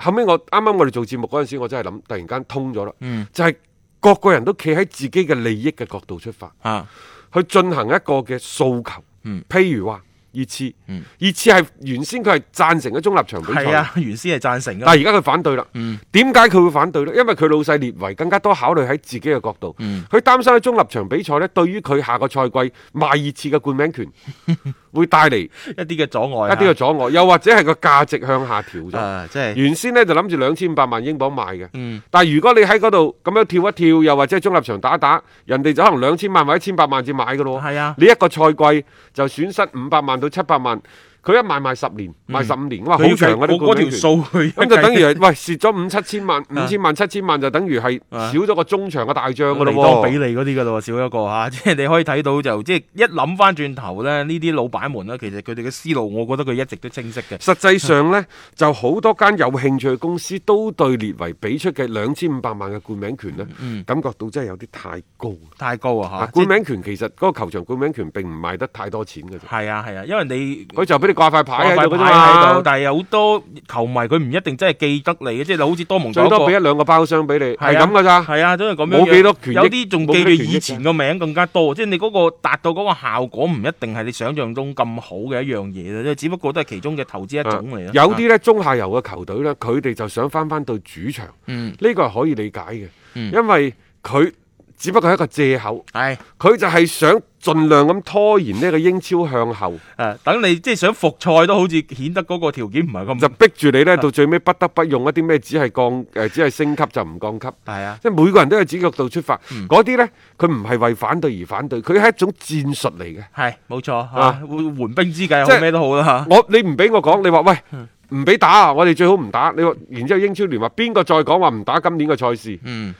後尾我啱啱我哋做節目陣時我真係諗，突然間通咗啦，嗯、就係各個人都企喺自己嘅利益嘅角度出發，啊、去進行一個嘅訴求，嗯、譬如話。熱刺，熱刺係原先佢係贊成嘅中立場比賽，啊，原先係贊成嘅，但係而家佢反對啦。點解佢會反對呢？因為佢老細列維更加多考慮喺自己嘅角度，佢擔、嗯、心喺中立場比賽咧，對於佢下個賽季賣熱刺嘅冠名權， 會帶帶嚟一啲嘅阻礙，一啲嘅阻礙，啊、又或者係個價值向下調咗。啊就是、原先呢就諗住兩千八萬英鎊賣嘅，嗯、但係如果你喺嗰度咁樣跳一跳，又或者係中立場打一打，人哋就可能兩千萬或者千八萬至買噶咯。係、啊、你一個賽季就損失五百萬。到七百萬。佢一賣賣十年，賣十五年，哇！好長嗰個咁就等於係喂蝕咗五七千萬，五千萬七千萬就等於係少咗個中場嘅大將㗎啦，比利嗰啲㗎咯，少一個嚇，即係你可以睇到就即係一諗翻轉頭咧，呢啲老闆們咧，其實佢哋嘅思路，我覺得佢一直都清晰嘅。實際上咧，就好多間有興趣嘅公司都對列維俾出嘅兩千五百萬嘅冠名權咧，感覺到真係有啲太高，太高啊嚇！冠名權其實嗰個球場冠名權並唔賣得太多錢㗎，係啊係啊，因為你佢就俾你。掛塊牌喺度，但係有好多球迷佢唔一定真係記得你嘅，即係好似多蒙嗰個最多俾一兩個包廂俾你，係咁噶咋，係啊，真係咁樣。冇幾多權益，有啲仲記以前個名更加多，即係你嗰個達到嗰個效果唔一定係你想象中咁好嘅一樣嘢，即係只不過都係其中嘅投資一種嚟。有啲咧中下游嘅球隊咧，佢哋就想翻翻到主場，呢個係可以理解嘅，因為佢只不過係一個借口，係佢就係想。盡量咁拖延呢個英超向後，誒、啊，等你即係想復賽都好似顯得嗰個條件唔係咁，就逼住你呢，啊、到最尾不得不用一啲咩、呃，只係降誒，只係升級就唔降級。係啊，即係每個人都係自己角度出發，嗰啲、嗯、呢，佢唔係為反對而反對，佢係一種戰術嚟嘅。係，冇錯啊，會緩、啊、兵之計，即咩都好啦、啊、我你唔俾我講，你話喂，唔俾打我哋最好唔打。你話，然之後英超聯話邊個再講話唔打今年嘅賽事？嗯。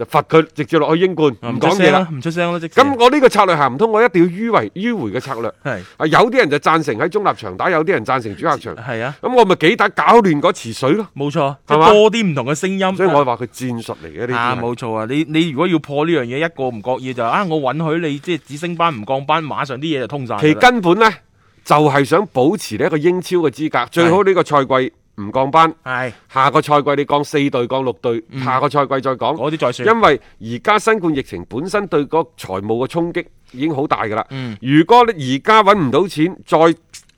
就罰佢直接落去英冠，唔講嘢啦，唔出聲咯。咁我呢個策略行唔通，我一定要迂回迂回嘅策略。係啊，有啲人就贊成喺中立場打，有啲人贊成主客場。係啊，咁我咪幾打搞亂嗰池水咯。冇錯，即多啲唔同嘅聲音。所以我係話佢戰術嚟嘅。啲，冇錯啊！你你如果要破呢樣嘢，一個唔覺意就啊，我允許你即係只升班唔降班，馬上啲嘢就通晒。其根本呢，就係想保持呢一個英超嘅資格，最好呢個賽季。唔降班，係是下個賽季你降四隊降六隊，嗯、下個賽季再講，我啲再算。因為而家新冠疫情本身對個財務嘅衝擊已經好大噶啦。嗯，如果你而家揾唔到錢，嗯、再。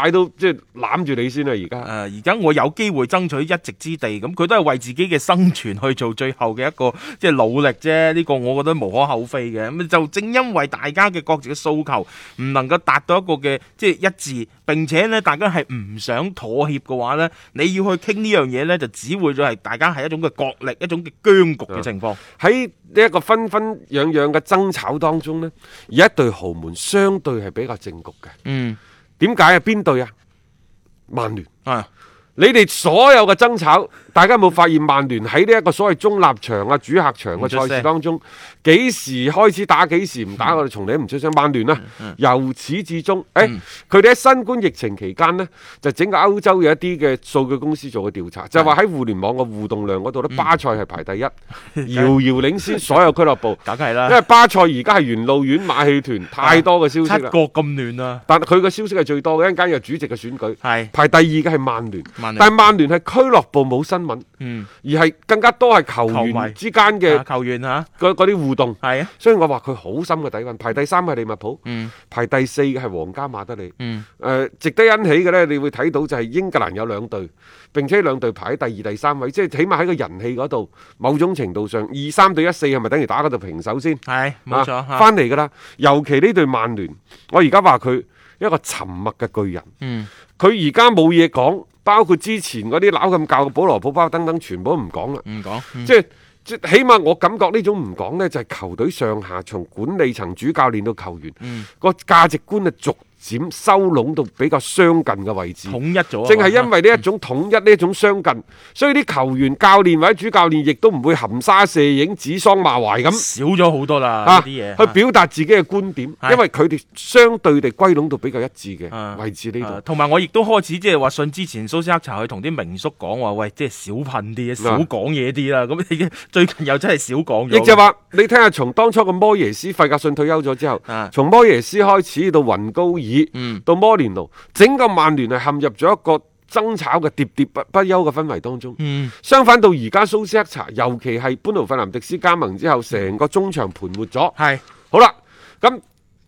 睇到即係攬住你先啦，而家。誒，而家我有機會爭取一席之地，咁佢都係為自己嘅生存去做最後嘅一個即係努力啫。呢個我覺得無可厚非嘅。咁就正因為大家嘅各自嘅訴求唔能夠達到一個嘅即係一致，並且呢，大家係唔想妥協嘅話呢，你要去傾呢樣嘢呢，就只會係大家係一種嘅角力，一種嘅僵局嘅情況。喺、嗯、呢一個紛紛攘攘嘅爭吵當中呢，而一對豪門相對係比較正局嘅。嗯。點解啊？邊隊啊？曼聯係啊！你哋所有嘅爭吵。大家有冇發現曼聯喺呢一個所謂中立場啊、主客場嘅賽事當中，幾時開始打，幾時唔打？我哋從嚟唔出聲。曼聯啦，由始至終，誒，佢哋喺新冠疫情期間呢，就整個歐洲有一啲嘅數據公司做過調查，就係話喺互聯網嘅互動量嗰度咧，巴塞係排第一，遙遙領先所有俱樂部。梗係啦，因為巴塞而家係元老院馬戲團，太多嘅消息啦。咁亂啊！但佢嘅消息係最多嘅，一陣間有主席嘅選舉，排第二嘅係曼聯。但係曼聯係俱樂部冇新。新而係更加多係球員之間嘅球員吓，嗰啲互動係啊，所以我話佢好深嘅底蘊。排第三係利物浦，排第四嘅係皇家馬德里，誒，值得欣喜嘅呢，你會睇到就係英格蘭有兩隊，並且兩隊排喺第二、第三位，即係起碼喺個人氣嗰度，某種程度上二三對一四係咪等於打嗰度平手先？係冇錯，翻嚟噶啦。尤其呢隊曼聯，我而家話佢一個沉默嘅巨人，佢而家冇嘢講。包括之前啲鬧咁教嘅保羅普巴等等，全部都唔講啦，唔講，嗯、即係起碼我感覺種呢種唔講咧，就係、是、球隊上下從管理層、主教練到球員，個價、嗯、值觀啊逐。展收攏到比較相近嘅位置，統一咗，正係因為呢一種統一，呢一種相近，嗯、所以啲球員教練或者主教練亦都唔會含沙射影、指桑罵槐咁，少咗好多啦啲嘢去表達自己嘅觀點，啊、因為佢哋相對地歸攏到比較一致嘅位置呢度。同埋我亦都開始即係話信之前蘇斯克查去同啲名宿講話，喂，即係少噴啲，少講嘢啲啦。咁你、啊、最近又真係少講嘢，亦、啊、就話你聽下，從當初嘅摩耶斯費格遜退休咗之後，從摩耶斯開始到雲高爾。嗯，到摩連奴，整個曼聯係陷入咗一個爭吵嘅喋喋不不休嘅氛圍當中。嗯，相反到而家蘇斯克查，尤其係般奴費南迪斯加盟之後，成個中場盤活咗。係是，好啦，咁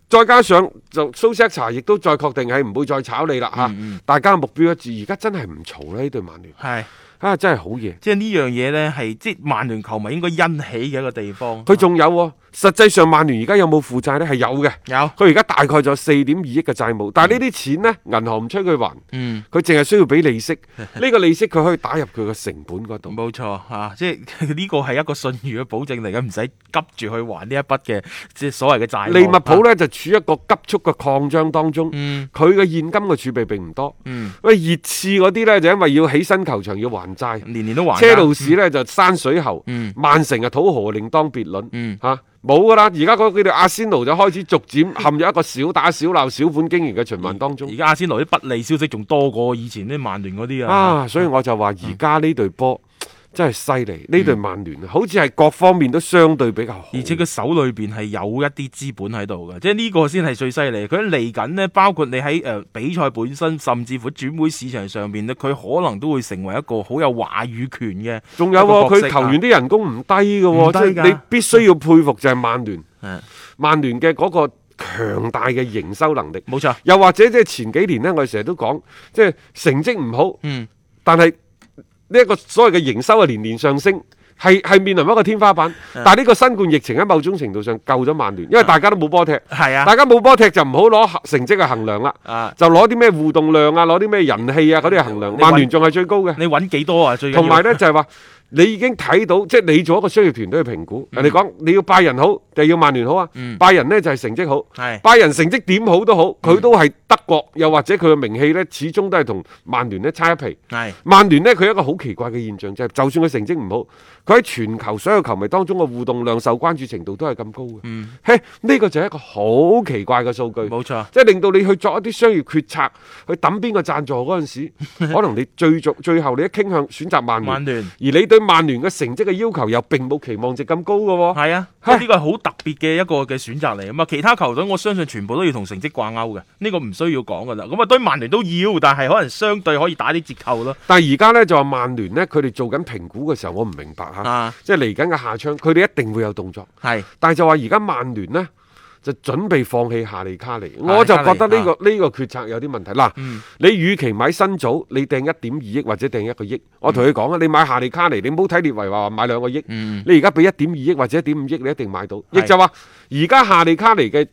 再加上就蘇斯克查，亦都再確定係唔會再炒你啦吓。嗯、大家目標一致，而家真係唔嘈啦呢隊曼聯。係。啊，真係好嘢！即係呢樣嘢呢，係即係曼聯球迷應該欣喜嘅一個地方。佢仲有喎，實際上曼聯而家有冇負債呢？係有嘅。有佢而家大概就四點二億嘅債務，但係呢啲錢呢，銀行唔催佢還。嗯，佢淨係需要俾利息。呢個利息佢可以打入佢個成本嗰度。冇錯啊，即係呢個係一個信譽嘅保證嚟嘅，唔使急住去還呢一筆嘅即係所謂嘅債。利物浦呢，就處於一個急速嘅擴張當中。佢嘅現金嘅儲備並唔多。嗯，熱刺嗰啲呢，就因為要起新球場要還。債年年都還。車路士咧、嗯、就山水喉，曼城嘅土豪另當別論，吓冇噶啦。而家嗰啲阿仙奴就開始逐漸陷入一個小打小鬧、小本經營嘅循環當中。而家阿仙奴啲不利消息仲多過以前啲曼聯嗰啲啊。啊，所以我就話而家呢隊波。嗯嗯真係犀利！呢隊曼聯、嗯、好似係各方面都相對比較好，而且佢手裏邊係有一啲資本喺度嘅，即係呢個先係最犀利。佢嚟緊咧，包括你喺誒、呃、比賽本身，甚至乎轉會市場上面，咧，佢可能都會成為一個好有話語權嘅。仲有佢球員啲人工唔低嘅、哦，低啊、即係你必須要佩服就係曼聯。嗯、曼聯嘅嗰個強大嘅營收能力，冇、嗯、錯。又或者即係前幾年呢，我哋成日都講，即、就、係、是、成績唔好，但係嗯，但係。呢一個所謂嘅營收啊，年年上升，係係面臨一個天花板。但係呢個新冠疫情喺某種程度上救咗曼聯，因為大家都冇波踢。係啊，大家冇波踢就唔好攞成績嘅衡量啦，就攞啲咩互動量啊，攞啲咩人氣啊嗰啲嚟衡量。曼聯仲係最高嘅。你揾幾多啊？最重要同埋咧就係話，你已經睇到即係你做一個商業團隊去評估，人哋講你要拜仁好定要曼聯好啊？拜仁咧就係成績好，拜仁成績點好都好，佢都係得。又或者佢嘅名氣呢，始終都係同曼聯呢差一皮。是曼聯呢，佢一個好奇怪嘅現象就係，就，是、就算佢成績唔好，佢喺全球所有球迷當中嘅互動量、受關注程度都係咁高嘅。嗯，嘿，呢、這個就係一個好奇怪嘅數據。冇錯錯，即係令到你去作一啲商業決策，去抌邊個贊助嗰陣時， 可能你最最最後你一傾向選擇曼聯，團而你對曼聯嘅成績嘅要求又並冇期望值咁高嘅喎。係啊，呢個係好特別嘅一個嘅選擇嚟啊嘛。其他球隊我相信全部都要同成績掛鈎嘅，呢、這個唔需要。講噶啦，咁啊對曼聯都要，但係可能相對可以打啲折扣咯。但係而家呢，就話曼聯咧，佢哋做緊評估嘅時候，我唔明白吓，啊、即係嚟緊嘅下窗，佢哋一定會有動作。係是，但係就話而家曼聯呢，就準備放棄夏利卡尼，是我就覺得呢、這個呢、啊、個決策有啲問題。嗱，嗯、你與其買新組，你訂一點二億或者訂一個億，我同佢講啊，嗯、你買夏利卡尼，你唔好睇列維話買兩個億。嗯、你而家俾一點二億或者一點五億，你一定買到。亦是就話而家夏利卡尼嘅。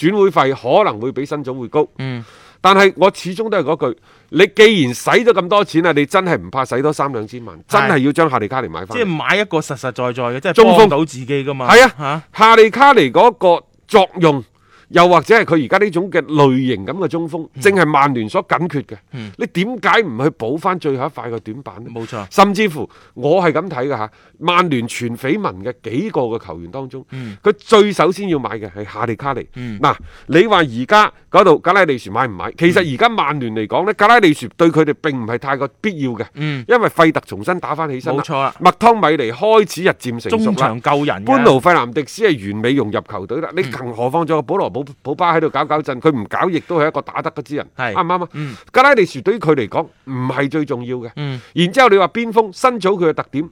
轉會費可能會比新總會高。嗯、但係我始終都係嗰句，你既然使咗咁多錢啦，你真係唔怕使多三兩千萬，是真係要將夏利卡尼買翻，即係買一個實實在在嘅，即係幫到自己㗎嘛。係峰啊，啊，夏利卡尼嗰個作用。又或者係佢而家呢種嘅類型咁嘅中鋒，正係曼聯所緊缺嘅。你點解唔去補翻最後一塊嘅短板咧？冇錯。甚至乎我係咁睇㗎吓，曼聯全緋聞嘅幾個嘅球員當中，佢最首先要買嘅係夏利卡尼。嗱，你話而家嗰度格拉利殊買唔買？其實而家曼聯嚟講咧，格拉利殊對佢哋並唔係太過必要嘅，因為費特重新打翻起身啦。麥湯米尼開始日漸成熟啦。中場救人。班奴費南迪斯係完美融入球隊啦。你更何況再個保羅保普巴喺度搞搞震，佢唔搞亦都係一個打得之人，啱唔啱啊？格、嗯、拉利什對於佢嚟講唔係最重要嘅，嗯、然之後你話邊鋒新組佢嘅特點。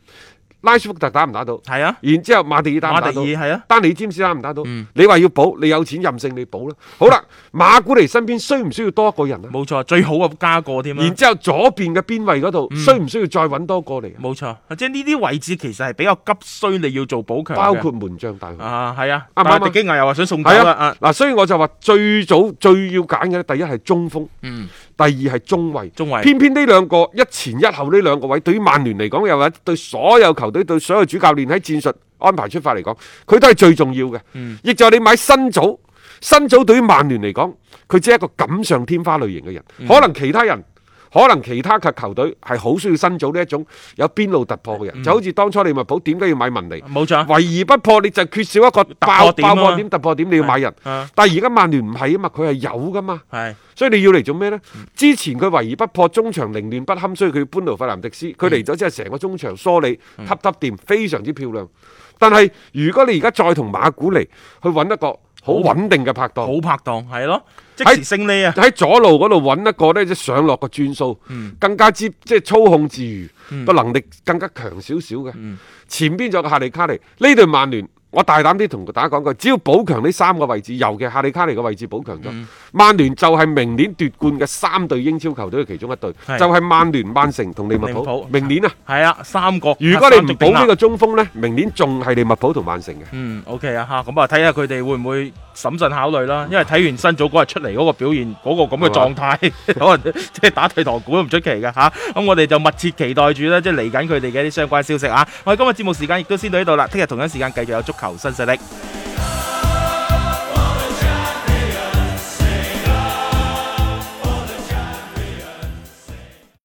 拉斯福特打唔打到？係啊，然之後馬迪爾打唔打到？馬迪爾係啊，丹尼詹士打唔打到？你話要補，你有錢任性，你補啦。好啦，馬古尼身邊需唔需要多一個人啊？冇錯，最好啊加個添。然之後左邊嘅邊位嗰度需唔需要再揾多個嚟？冇錯，即係呢啲位置其實係比較急需你要做補強，包括門將大雄啊，係啊，但係迪基亞又話想送走啦。嗱，所以我就話最早最要揀嘅第一係中鋒，第二係中衛，中衛。偏偏呢兩個一前一後呢兩個位，對於曼聯嚟講又係對所有球。球隊對所有主教練喺戰術安排出發嚟講，佢都係最重要嘅。亦、嗯、就係你買新組，新組對於曼聯嚟講，佢只係一個錦上添花類型嘅人，嗯、可能其他人。可能其他嘅球隊係好需要新組呢一種有邊路突破嘅人，嗯、就好似當初利物浦點解要買文尼，冇錯。維而不破你就缺少一個爆破、啊、爆破點突破點，你要買人。但係而家曼聯唔係啊嘛，佢係有噶嘛，是所以你要嚟做咩呢？之前佢維而不破，中場凌亂不堪，所以佢要搬來費南迪斯，佢嚟咗之後，成、嗯、個中場梳理、揼揼掂，非常之漂亮。但係如果你而家再同馬古尼去揾一個，好穩定嘅拍檔，好拍檔，係咯，即時升呢啊！就喺左路嗰度揾一個咧，即上落嘅轉數，嗯、更加之即操控自如，個、嗯、能力更加強少少嘅。嗯、前邊就有個夏利卡尼呢隊曼聯。我大膽啲同大家講句，只要補強呢三個位置，尤其哈利卡尼嘅位置補強咗，嗯、曼聯就係明年奪冠嘅三隊英超球隊嘅其中一隊，是就係曼聯、曼城同利物浦。普明年啊，係啊，三個。如果你唔補呢個中鋒呢，明年仲係利物浦同曼城嘅。嗯，OK 啊，哈，咁啊，睇下佢哋會唔會？審慎考慮啦，因為睇完新組嗰日出嚟嗰個表現，嗰、嗰個咁嘅狀態，可能即係打退堂鼓都唔出奇㗎吓，咁、啊、我哋就密切期待住啦，即係嚟緊佢哋嘅一啲相關消息啊！我哋今日節目時間亦都先到呢度啦，聽日同一時間繼續有足球新勢力。